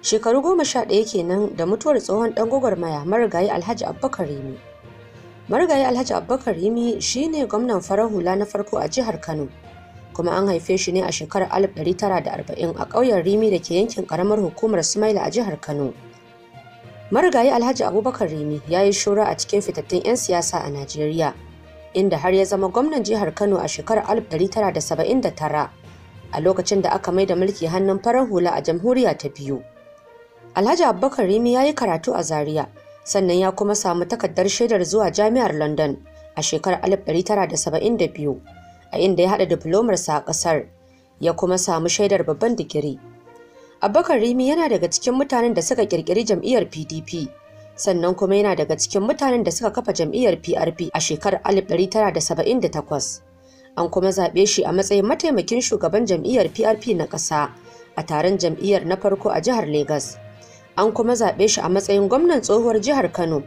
shekaru goma sha ɗaya kenan da mutuwar tsohon ɗan maya, marigayi alhaji abubakar rimi marigayi alhaji abubakar rimi shine gwamnan farar hula na farko a jihar kano kuma an haife shi ne a shekarar 1940 a ƙauyen rimi da ke yankin ƙaramar hukumar sumaila a jihar kano marigayi alhaji abubakar rimi ya yi shura a cikin fitattun 'yan siyasa a najeriya inda har ya zama gwamnan jihar kano a shekarar 1979 a lokacin da aka mai da mulki hannun farar hula a jamhuriya ta biyu Alhaji Abubakar Rimi ya yi karatu a Zaria, sannan ya kuma samu takardar shaidar zuwa Jami'ar London a shekarar 1972, a inda ya haɗa diplomarsa a ƙasar, ya kuma samu shaidar babban digiri. Abubakar Rimi yana daga cikin mutanen da suka ƙirƙiri jam'iyyar PDP, sannan kuma yana daga cikin mutanen da suka kafa jam'iyyar PRP a shekarar 1978. An kuma zaɓe shi a matsayin mataimakin shugaban jam'iyyar PRP na ƙasa a taron jam'iyyar na farko a jihar Legas. an kuma zaɓe shi a matsayin gwamnan tsohuwar jihar Kano.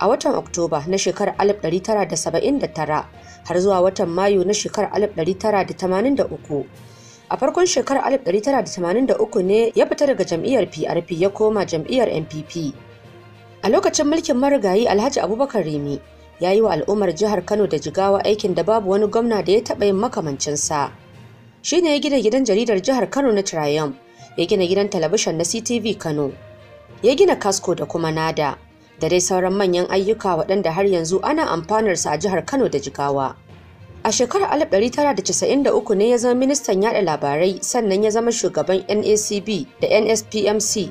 A watan Oktoba na shekarar 1979 har zuwa watan Mayu na shekarar 1983. A farkon shekarar 1983 ne ya fita daga jam'iyyar PRP ya koma jam'iyyar NPP. A lokacin mulkin marigayi Alhaji Abubakar Rimi ya yi wa al'ummar jihar Kano da Jigawa aikin da babu wani gwamna da ya taɓa yin makamancinsa. Shi ne ya gina gidan jaridar jihar Kano na Triumph ya gina gidan talabishin na CTV Kano ya gina kasko da kuma nada da dai sauran manyan ayyuka waɗanda har yanzu ana amfanarsa a jihar Kano da Jigawa. A shekarar 1993 ne ya zama ministan yaɗa labarai sannan ya zama shugaban NACB da NSPMC.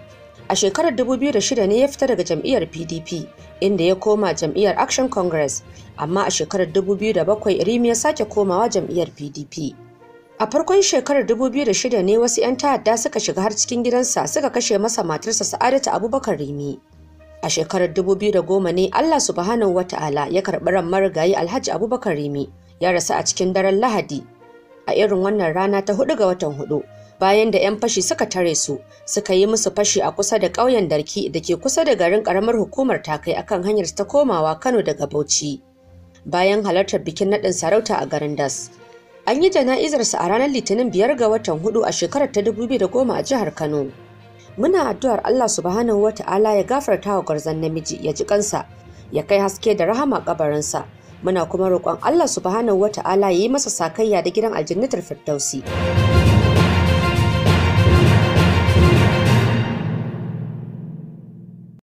A shekarar 2006 ne ya fita daga jam'iyyar PDP inda ya koma jam'iyyar Action Congress, amma a shekarar 2007 Irimi ya sake komawa jam'iyyar PDP. a farkon shekarar 2006 ne wasu 'yan ta'adda suka shiga har cikin gidansa suka kashe masa matarsa sa'adatu abubakar rimi a shekarar 2010 ne allah subhanahu wa ta'ala ya karɓi ran marigayi alhaji abubakar rimi ya rasu a cikin daren lahadi a irin wannan rana ta hudu ga watan hudu bayan da 'yan fashi suka tare su suka yi musu fashi a kusa da ƙauyen darki da ke kusa da garin ƙaramar hukumar takai akan hanyar ta komawa kano daga bauchi bayan halartar bikin naɗin sarauta a garin das An yi jana'izarsa a ranar Litinin biyar ga watan hudu a shekarar ta dubu da goma a jihar Kano. Muna addu'ar Allah subhanahu wa ta'ala ya gafarta wa gwarzon namiji ya ji kansa, ya kai haske da rahama kabarinsa. Muna kuma roƙon Allah subhanahu wa ta'ala ya yi masa sakayya da gidan aljannatar Firdausi.